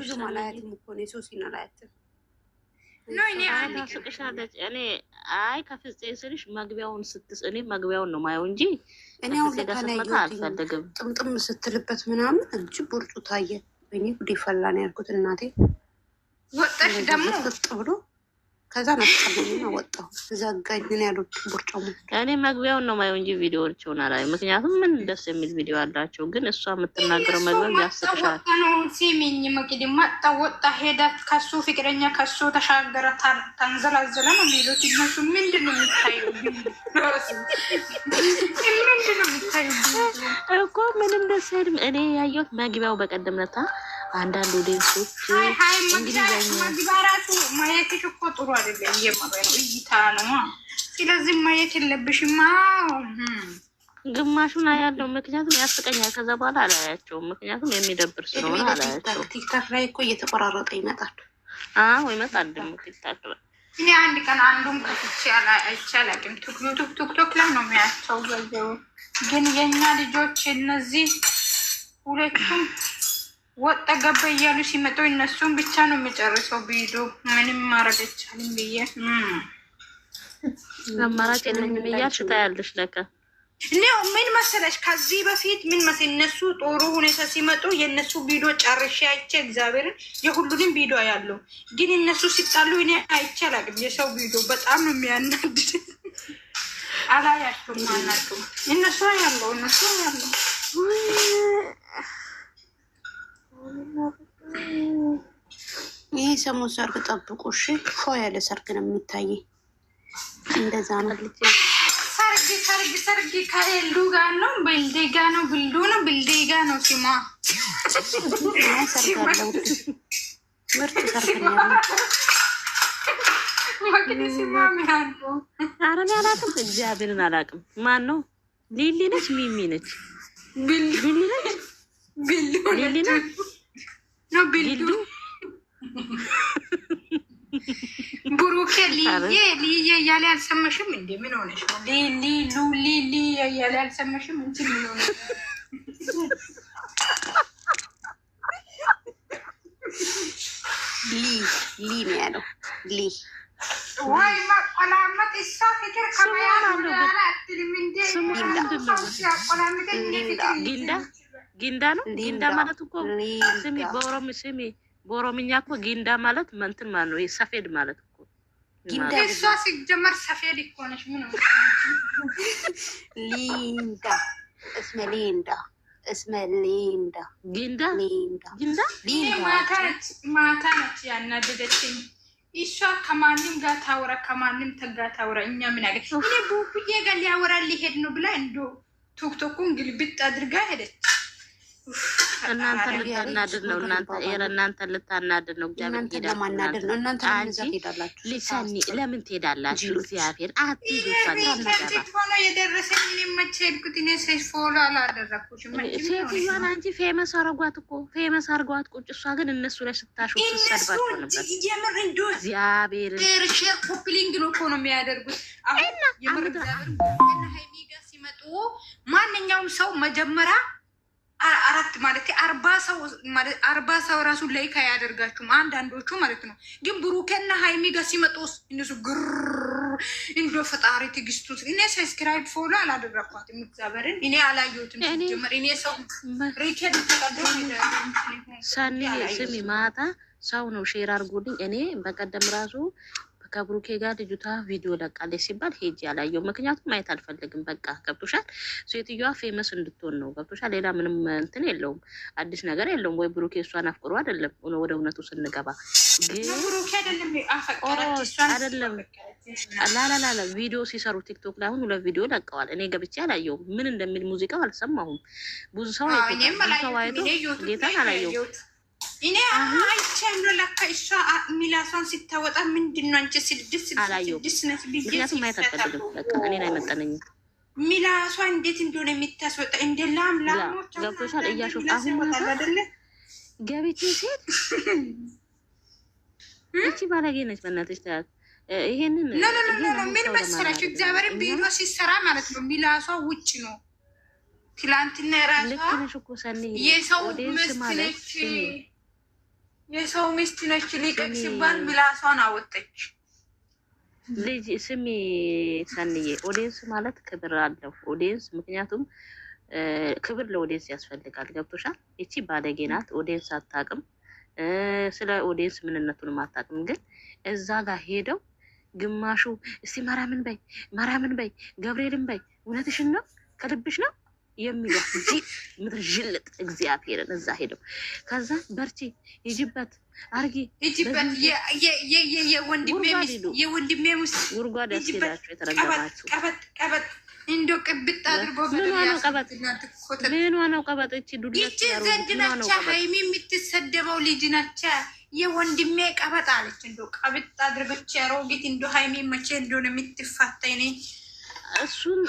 ብዙም አላያትም እኮ እኔ ሶሲን አላያትም። እኔ አይ ከፍጼ ስልሽ መግቢያውን ስትስ እኔ መግቢያውን ነው ማየው እንጂ ስመታ አልፈልግም። ጥምጥም ስትልበት ምናምን እንጂ ቦርጩ ታየ። እኔ ጉድ ፈላ ነው ያልኩት እናቴ ወጣሽ ደግሞ ብሎ ከዛ ነቀለኝና ወጣሁ። ዘጋኝ ምን ያሉት ቡርጮሙ ከእኔ መግቢያውን ነው ማየው እንጂ ቪዲዮዎችን አላየሁም። ምክንያቱም ምን ደስ የሚል ቪዲዮ አላቸው፣ ግን እሷ የምትናገረው መግቢያው ያስቅሻል። ሲሚኝ መቅዲ መጣ ወጣ ሄዳ ከሱ ፍቅረኛ ከሱ ተሻገረ ተንዘላዘለ ነው የሚሉት እነሱ። ምንድን ነው የሚታዩ ምንድን ነው የሚታዩ እኮ ምንም ደስ አይልም። እኔ ያየሁት መግቢያው በቀደም ለታ አንዳንድ ኦዲየንሶች እንግዲህ ማየትሽ እኮ ጥሩ አይደለም፣ እየመራ ነው እይታ ነው። ስለዚህ ማየት የለብሽማ። ግማሹን አያለው፣ ምክንያቱም ያስቀኛል። ከዛ በኋላ አላያቸውም፣ ምክንያቱም የሚደብር ስለሆነ አላያቸውም። ቲክታክ ላይ እኮ እየተቆራረጠ ይመጣል። አዎ ይመጣል። ደግሞ ቲክታክ ላይ እኔ አንድ ቀን አንዱም ከፍቼ አላውቅም። ቱክቱክ ቱክቶክ ላይ ነው የሚያቸው፣ ግን የእኛ ልጆች እነዚህ ሁለቱም ወጣ ገባ እያሉ ሲመጡ እነሱን ብቻ ነው የሚጨርሰው። ቢሄዱ ምንም ማድረግ አይቻልም ብዬ አማራጭ የለኝም እያልሽ ታያለሽ። ለካ እኔ ምን መሰለሽ ከዚህ በፊት ምን መስ እነሱ ጥሩ ሁኔታ ሲመጡ የእነሱ ቪዲዮ ጨርሼ አይቼ እግዚአብሔርን የሁሉንም ቪዲዮ ያለው ግን እነሱ ሲጣሉ እኔ አይቼ አላቅም። የሰው ቪዲዮ በጣም ነው የሚያናድድ። አላያቸውም አናውቅም። እነሱ ያለው እነሱ ያለው ይህ ሰሞን ሰርግ ጠብቁ። እሺ፣ ፎ ያለ ሰርግ ነው የሚታይ። እንደዛ ነው። ልጅ ሰርግ ሰርግ ሰርግ ከኤልዱ ጋር ነው፣ ብልዴ ጋር ነው፣ ብሉ ነው፣ ብልዴ ጋር ነው። ሲማ ምርጥ ሰርግ ነው። ኧረ እኔ አላውቅም፣ እግዚአብሔርን አላውቅም። ማን ነው? ሊሊ ነች፣ ሚሚ ነች፣ ቢሊ ነች፣ ቢሊ ነች ነው ቢልዱ ብሩኬ ልዬ ልዬ እያለ አልሰመሽም እንዴ? ምን ሆነሽ ሊሉ ሊሊ እያለ አልሰመሽም እንጂ ምን ሆነ? ሊ ሊ ነው ያለው። ሊ ወይ መቆላመጥ እሷ ፍቅር ከመያዝ ምናምን አትልም እንዴ? ሲያቆላምጥ ፍቅር ሊዳ ጊንዳ ነው። ጊንዳ ማለት እኮ ስሚ፣ በኦሮም ስሚ፣ በኦሮምኛ እኮ ጊንዳ ማለት መንትን ማለት ነው፣ ሰፌድ ማለት እኮ እሷ ሲጀመር ሰፌድ እኮ ነች። ምን ሊንዳ እስመ ሊንዳ እስመ ሊንዳ ጊንዳ ጊንዳ ማታ ነች ያናደደችኝ። እሷ ከማንም ጋር ታወራ፣ ከማንም ተጋ ታወራ። እኛ ምን አገ እኔ ቡቡዬ ጋር ሊያወራ ሊሄድ ነው ብላ እንዶ ቶክቶኩን ግልብጥ አድርጋ ሄደች። እናንተ ልታናድድ ነው። እናንተ ኤረ እናንተ ልታናድድ ነው። እግዚአብሔር ነው። እናንተ ለምን ትሄዳላችሁ? ለምን ትሄዳላችሁ? እግዚአብሔር ሴትዮዋን አንቺ ፌመስ አረጓት እኮ ፌመስ አርጓት ቁጭ። እሷ ግን እነሱ ላይ ስታሹ ሲመጡ ማንኛውም ሰው መጀመሪያ አራት ማለት አርባ ሰው አርባ ሰው ራሱ ላይክ አያደርጋችሁም። አንዳንዶቹ ማለት ነው። ግን ብሩኬና ሀይሚ ጋር ሲመጡስ እነሱ ግር እንዶ ፈጣሪ ትግስቱ። እኔ ሰብስክራይብ ፎሎ አላደረግኳት እግዚአብሔርን እኔ አላየሁትም። ጀመር እኔ ሰው ሪኬድ ሳኒ ስሚ ማታ ሰው ነው ሼር አድርጎልኝ እኔ በቀደም ራሱ ከብሩኬ ጋር ልጅቷ ቪዲዮ ለቃለች ሲባል ሄጅ ያላየው ምክንያቱም ማየት አልፈልግም። በቃ ገብቶሻል። ሴትዮዋ ፌመስ እንድትሆን ነው። ገብቶሻል። ሌላ ምንም እንትን የለውም፣ አዲስ ነገር የለውም። ወይ ብሩኬ እሷን አፍቅሮ አይደለም። ወደ እውነቱ ስንገባ አይደለም ቪዲዮ ሲሰሩ ቲክቶክ ላይ አሁን ሁለት ቪዲዮ ለቀዋል። እኔ ገብቼ አላየውም። ምን እንደሚል ሙዚቃው አልሰማሁም። ብዙ ሰው አይቶ ጌታን አላየውም። እኔ አይቻለሁ። ለካ እሷ ሚላሷን ስታወጣ ምንድን ነው አንቺ ስድስት ስድስት ነች ብዬ እኔን አይመጠነኝም። ሚላሷ እንዴት እንደሆነ የሚታስወጣ እንደ ላም ላሞች ገብቶሻል። እያሾፍ አሁን ገቤች ሴት እቺ ባለጌ ነች። በእናትሽ ተያት። ይሄንን ምን መሰላችሁ እግዚአብሔርን ቢሮ ሲሰራ ማለት ነው ሚላሷ ውጭ ነው። ትላንትና ራሷ የሰው መስለች የሰው ሚስት ነች ሊቀቅ ሲባል ምላሷን አወጠች። ልጅ ስሚ ሰንዬ፣ ኦዲየንስ ማለት ክብር አለው ኦዲየንስ። ምክንያቱም ክብር ለኦዲየንስ ያስፈልጋል። ገብቶሻል? እቺ ባለጌ ናት። ኦዲየንስ አታውቅም፣ ስለ ኦዲየንስ ምንነቱንም አታውቅም። ግን እዛ ጋር ሄደው ግማሹ እስቲ ማርያምን በይ ማርያምን በይ ገብርኤልን በይ እውነትሽን ነው ከልብሽ ነው የሚለው እንጂ ምድር ዥልጥ እግዚአብሔርን እዛ ሄደው ከዛ በርቺ ሂጂበት አርጊ የወንድሜ ሚስት ጉርጓድ ያስሄዳችሁ የተረገማችሁ እንዶ ቅብጥ አድርጎ ምኗ ነው ቀበጥ? እቺ ዱድለች ዘንድ ናቻ ሀይሚ የምትሰደበው ልጅ ናቻ። የወንድሜ ቀበጥ አለች። እንዶ ቀብጥ አድርጎች ያሮጊት እንዶ ሀይሚ መቼ እንደሆነ የምትፋታ እሱን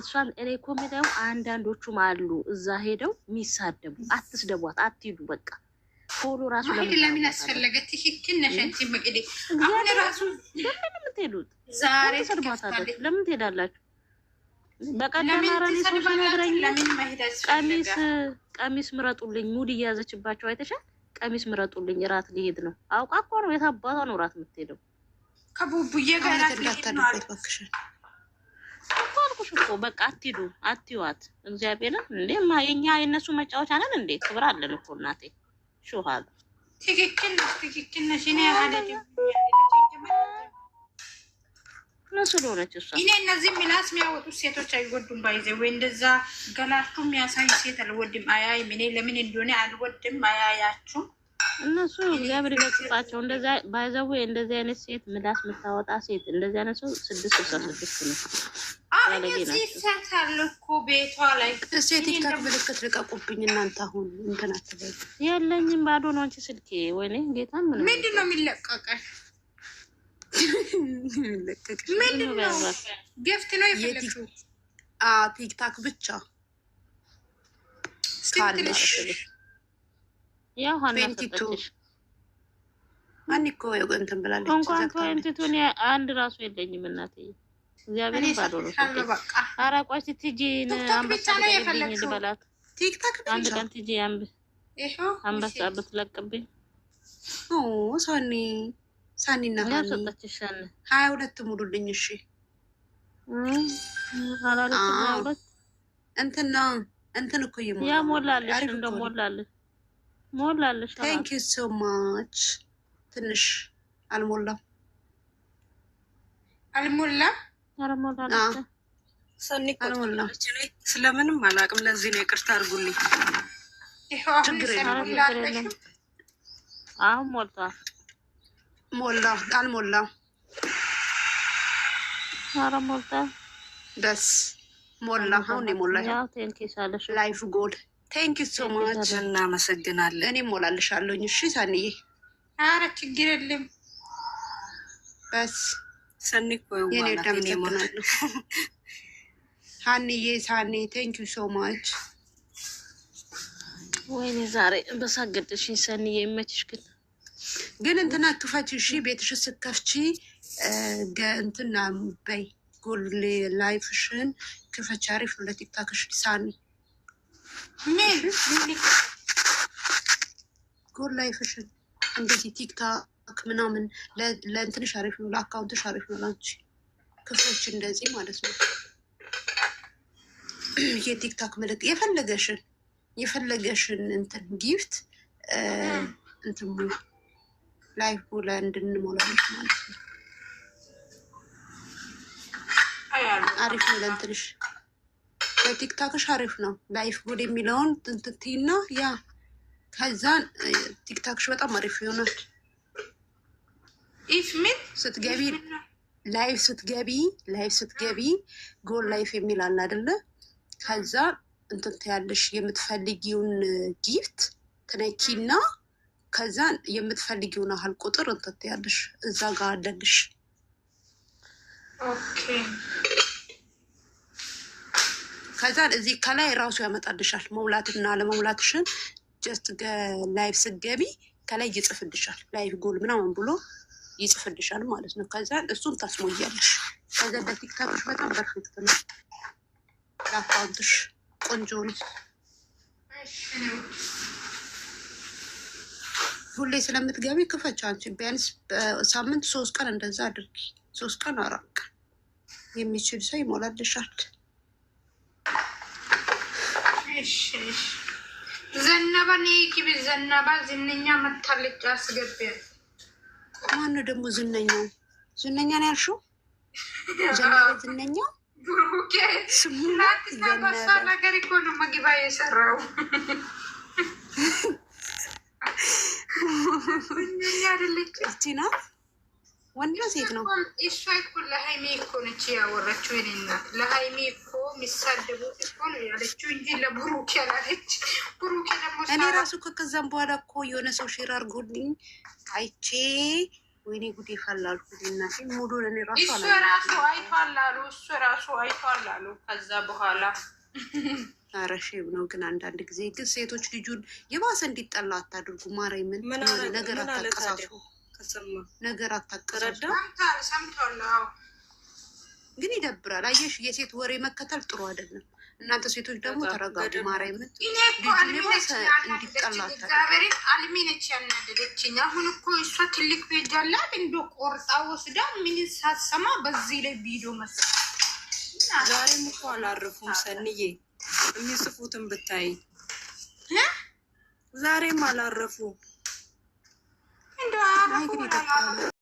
እሷን እኔ እኮ የምለው አንዳንዶቹም አሉ እዛ ሄደው የሚሳደቡ አትስደቧት፣ አትሂዱ በቃ ፎሎ ራሱ ለምን አስፈለገ? ትክክል ነሽ አንቺ መቅዲ። አሁን ራሱ ለምን የምትሄዱት ዛሬ ትሰድቧታለች? ለምን ትሄዳላችሁ? በቀደም አረኔ ሰዎች ነግረኛ ቀሚስ ቀሚስ ምረጡልኝ ሙድ እየያዘችባቸው አይተሻል። ቀሚስ ምረጡልኝ እራት ሊሄድ ነው። አውቃ እኮ ነው የታባቷ ነው እራት የምትሄደው ከቡቡዬ ጋር ነው እኮ በቃ አትሂዱ፣ አትዩዋት። እግዚአብሔርን እንዴ የኛ የእነሱ መጫወቻ ነን እንዴ? ክብር አለን እኮ እናቴ። ሹሃል ትክክል ነሽ፣ ትክክል ነሽ። እኔ እነሱ እሷ እኔ እነዚህ ሴቶች አይወዱም። ባይዘ ወይ እንደዛ ገላችሁ የሚያሳይ ሴት አልወድም፣ አያይም። እኔ ለምን እንደሆነ አልወድም፣ አያያችሁም እነሱ እግዚአብሔር ይገጽባቸው። እንደዛ ባይዘው እንደዚህ አይነት ሴት ምላስ የምታወጣ ሴት እንደዚህ አይነት ሰው ስድስት ስልሳ ስድስት ነው። የለኝም ባዶ ነው አንቺ ስልኬ። ወይኔ ጌታ ምንድን ነው ቲክታክ ብቻ ካለሽ ያው ማን እኮ እንትን ብላለች። እንኳን ትወንቲቱን አንድ ራሱ የለኝም እናትዬ፣ እግዚአብሔር ባዶ አንድ ቀን ቲጂ አንበሳ ብትለቅብኝ ሀያ ሁለት ሙሉልኝ። እሺ እንትን ነው እንትን እኮ ይሞላልሽ እንደሞላልሽ ሞላለች። ታንክ ዩ ሶ ማች። ትንሽ አልሞላም አልሞላም ስለምንም አላውቅም። ለዚህ ነው ይቅርታ አድርጉልኝ። አሁን ሞልቷል። ሞላ አልሞላም። ኧረ ሞልቷል። በስ ሞላ። አሁን የሞላ ላይፍ ጎል ቴንክ ዩ ሶ ማች እናመሰግናለን። እኔ ሞላልሻለሁኝ። እሺ ሰንዬ፣ አረ ችግር የለም። በስ ሰኒ ደምን ደምተናለሁ። ሀኒዬ ሳኔ ቴንክ ዩ ሶ ማች። ወይኔ ዛሬ በሳገደሽኝ ሰኒዬ፣ ይመችሽ። ግን ግን እንትና ክፈች፣ እሺ ቤትሽ ስከፍቺ እንትና በይ ጎል ላይፍሽን ክፈች። አሪፍ ለቲክታክሽ ሳኔ ጎል ላይፍሽን እንደዚህ ቲክታክ ምናምን ለእንትንሽ አሪፍ ነው፣ ለአካውንትሽ አሪፍ ነው። ላንቺ ክፍሎች እንደዚህ ማለት ነው። የቲክታክ ምልክት የፈለገሽን የፈለገሽን እንትን ጊፍት እንትን ሙሉ ላይፍ ቦለ እንድንሞላለች ማለት ነው። አሪፍ ነው ለእንትንሽ ቲክታክሽ አሪፍ ነው ላይፍ ጉድ የሚለውን ትንትትና ያ ከዛን ቲክታክሽ በጣም አሪፍ ይሆናል። ኢፍ ምን ስትገቢ ላይፍ ስትገቢ ላይፍ ስትገቢ ጎል ላይፍ የሚል አለ አይደለ? ከዛ እንትንት ያለሽ የምትፈልጊውን ጊፍት ትነኪና ከዛን የምትፈልጊውን አህል ቁጥር እንትንት ያለሽ እዛ ጋር አለልሽ። ኦኬ ከዛን እዚህ ከላይ ራሱ ያመጣልሻል መውላትና ለመውላትሽን ጀስት ላይፍ ስገቢ ከላይ ይጽፍልሻል። ላይፍ ጎል ምናምን ብሎ ይጽፍልሻል ማለት ነው። ከዛን እሱን ታስሞያለሽ። ከዛ ለቲክታክሽ በጣም ፐርፌክት ነው። ለአካውንትሽ ቆንጆ ነው። ሁሌ ስለምትገቢ ክፈች። አንቺ ቢያንስ ሳምንት ሶስት ቀን እንደዛ አድርጊ። ሶስት ቀን አራት ቀን የሚችል ሰው ይሞላልሻል። ዘነበ ግቢ ዘነበ ዝነኛ መታለጫ አስገቢያል። ማነው ደግሞ ዝነኛው? ዝነኛ ነው ያልሺው? ዘነበ ዝነኛ ነገር እኮ ነው መግባ የሰራው ናት ወንድ ነው ሴት ነው? እሷ እኮ ለሀይሜ እኮ ነች ያወራችው። የእኔ እናት ለሀይሜ እኮ የሚሳደቡት እኮ ነው ያለችው እንጂ ለብሩኬ አላለች። ብሩኬ ደግሞ እኔ ራሱ ከከዛም በኋላ እኮ የሆነ ሰው ሼር አድርጎልኝ አይቼ ወይኔ ጉዴ ፈላልኩ። እናቴ ሙሉ ለእኔ ራሱ እሱ ራሱ አይቷል እሱ ራሱ አይቷል ከዛ በኋላ ኧረ ነው ግን አንዳንድ ጊዜ ግን ሴቶች ልጁን የባሰ እንዲጠላ አታድርጉ። ማርያምን ነገር አታቀሳሱ። ተሰማ ነገር አታቀረዳ ግን ይደብራል። አየሽ የሴት ወሬ መከተል ጥሩ አይደለም። እናንተ ሴቶች ደግሞ ተረጋጉ። ማርያምን እንዲጠላታል አልሚ ነች ያናደደችኝ። አሁን እኮ እሷ ትልቅ ቤት አላት እንደ ቆርጣ ወስዳ ምን ሳትሰማ በዚህ ላይ ቪዲዮ መስ ዛሬም እኮ አላረፉም ሰንዬ የሚጽፉትን ብታይ ዛሬም አላረፉ 哎，给你大哥。